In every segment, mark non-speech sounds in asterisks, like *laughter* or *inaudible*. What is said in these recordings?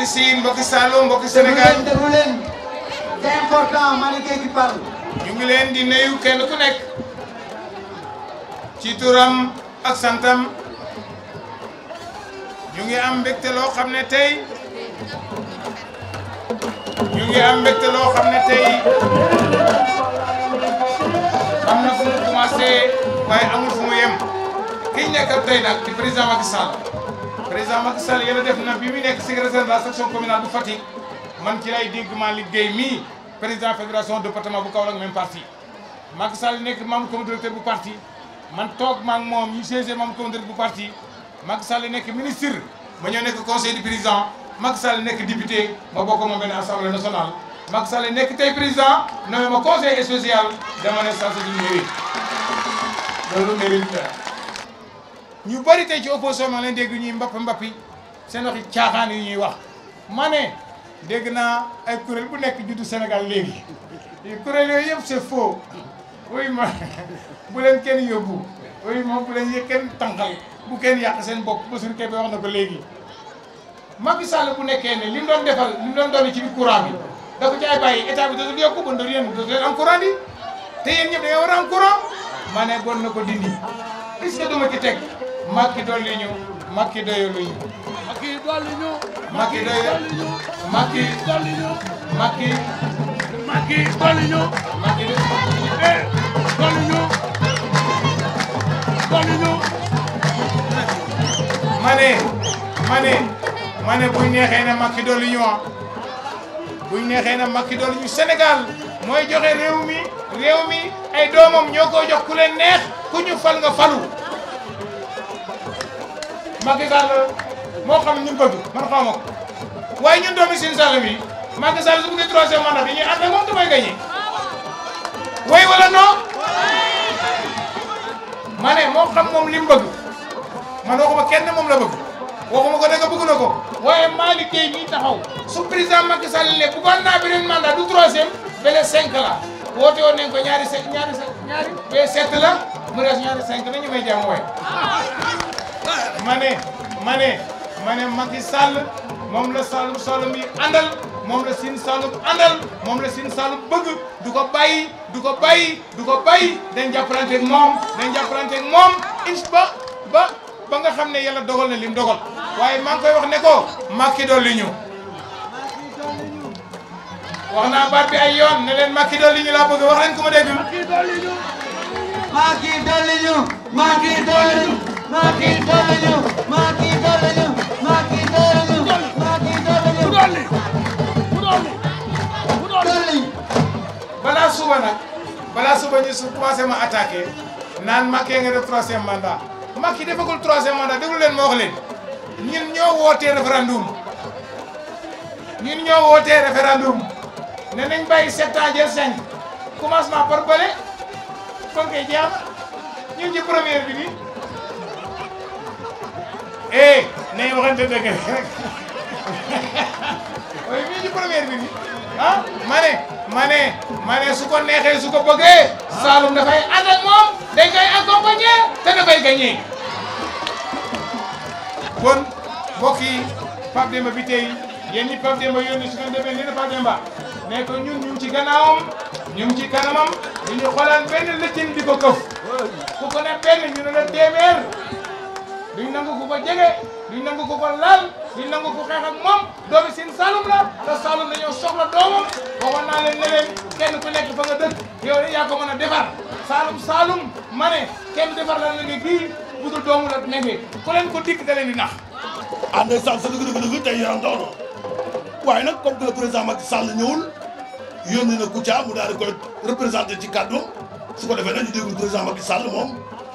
mbokki Siin mbokki Saloum mbokki Sénégal déglu leen c'est important Malick qui parle ñu ngi leen di nuyu ku nekk ci turam ak santam ñu ngi am mbégte loo xam ne tey ñu loo xam ne am na fu mu commencé waaye amul fu mu ki ñu nekk tey nag di président Macky Sall président Macky Sall yàlla def na bi mu nek secrétaire de la section communale du Fatick man ci lay dégg Malick Gueye mi président fédération département bu Kaolack même parti Macky Sall nek mam comme directeur bu parti man tok mak mom ñu siégé mam comme directeur bu parti Macky Sall nek ministre ma ñoo nek conseil du président Macky Sall nek député ma bokk mo benn assemblée nationale Macky Sall nek tay président nommé ma conseil social dama ne saa si loolu mérite ñu bari tey ci opposition dégg ñuy mbapp mbappi seen waxi caaxaan yu ñuy wax ma ne dégg na ay kuréel bu nekk juddu senegal léegi kuréel yooyu yëpp c'est faux oui ma *laughs* bu kenn yóbbu oui moom bu leen yëg kenn bu kenn yàq seen bopp ba suñu kër bi wax na ko léegi ma Sall bu nekkee ne li mu doon defal li mu doon doon ci biir courant bi da ko jaay bàyyi état bi dootul yokku bon dootu yéen dootu leen am courant te yéen ñe da war a am courant ma na ko dindi est-ce que duma ci teg Macky dolli ñu Macky doyalu ñu. Macky dolli ñu. Macky doyalu ñu. Macky dolli ñu. ma ne ma ne ma ne buñ neexee ne Macky dolli ñu ah. buñ neexee ne Macky dolli ñu Sénégal mooy mi réew mi ay doomam ñoo ko jox ku leen neex ku fal nga falu. Macky Sall moo xam ñu ngi ko jug man xaw ma ko waaye ñun doomi Sine bi Macky Sall su buggee troisième mandat bi ñuy moom damay gagné way wala non ma ne moo xam moom li mu bëgg man waxuma kenn moom la bëgg waxuma ko danga bëgg na ko waaye Malick Gueye mii taxaw su président Macky Sall le bëggoon naa beneen mandat du troisième beneen cinq la woote woon nañ ko ñaari cinq ñaari cinq ñaari la mu des ñaari cinq na ñu may jàmm ma ne ma ne ma ne Macky Sall moom la Saloum Saloum yi àndal moom la Sine Saloum àndal moom la Sine Saloum bëgg du ko bàyyi du ko bàyyi du ko bàyyi dañ jàppalante ak moom dañ jàppalante ak moom inch ba ba ba nga xam ne yàlla dogal na lim dogal waaye maa ngi koy wax ne ko Macky dolli ñu wax naa baat bi ay yoon ne leen Macky dolli ñu laa bëgg wax leen ku ma dégg Macky dolli ñu balaa suba nag balaa suba ñu su commencé ma attaqué naan Macky nga def troisième mandat Macky defagul troisième mandat déglu leen ma wax leen ñun ñoo wootee référendum ñun ñoo wootee référendum ne nañ bàyyi sept ans jël cinq commencement par bële kon kay jeex ñun ci première bi nii. eh nañu waxante dëgg rek waaye bii ñu première bi nii ah ma ne ma ne su ko neexee su ko bëggee Saloum dafay ànd ak moom dañ koy accompagner te dafay gagné. kon mbokk yi Demba bi tey yéen ñi Pape Demba yónni su ngeen demee nii na Pape Demba ne ko ñun ñu ci gannaawam ñu ci kanamam du ñu xoolaan benn lëccin di ko këf benn ñu ne la duñ nangu ku ko jege duñ nangu ku ko laal duñ nangu ku xeex ak moom doomi Sine Saalum la te Saalum dañoo soxla doomam waxoon naa leen ne leen kenn ku nekk fa nga dëkk yow yaa ko mën a defar Saalum Saalum ma ne kenn defar la nga kii bu doomu la nekkee ku leen ko dikk da leen di nax. ah ndeysaan sa dëgg-dëgg tey yaram daw na waaye nag comme que le président Macky Sall ñëwul yónni na Kouthia mu daal di koy représenté ci kàddu su ko defee nag ñu déglu président Macky Sall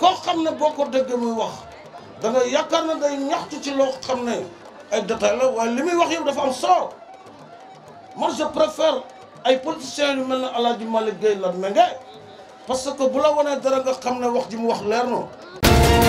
koo xam ne boo ko déggee muy wax da nga yaakaar na day ñaxtu ci loo xam ne ay détail la waaye li muy wax yëpp dafa am solo man je préfère ay politiciens yu mel ne El Hadj Malick Gueye Latmingué parce que bu la wanee dara nga xam ne wax ji mu wax leer na.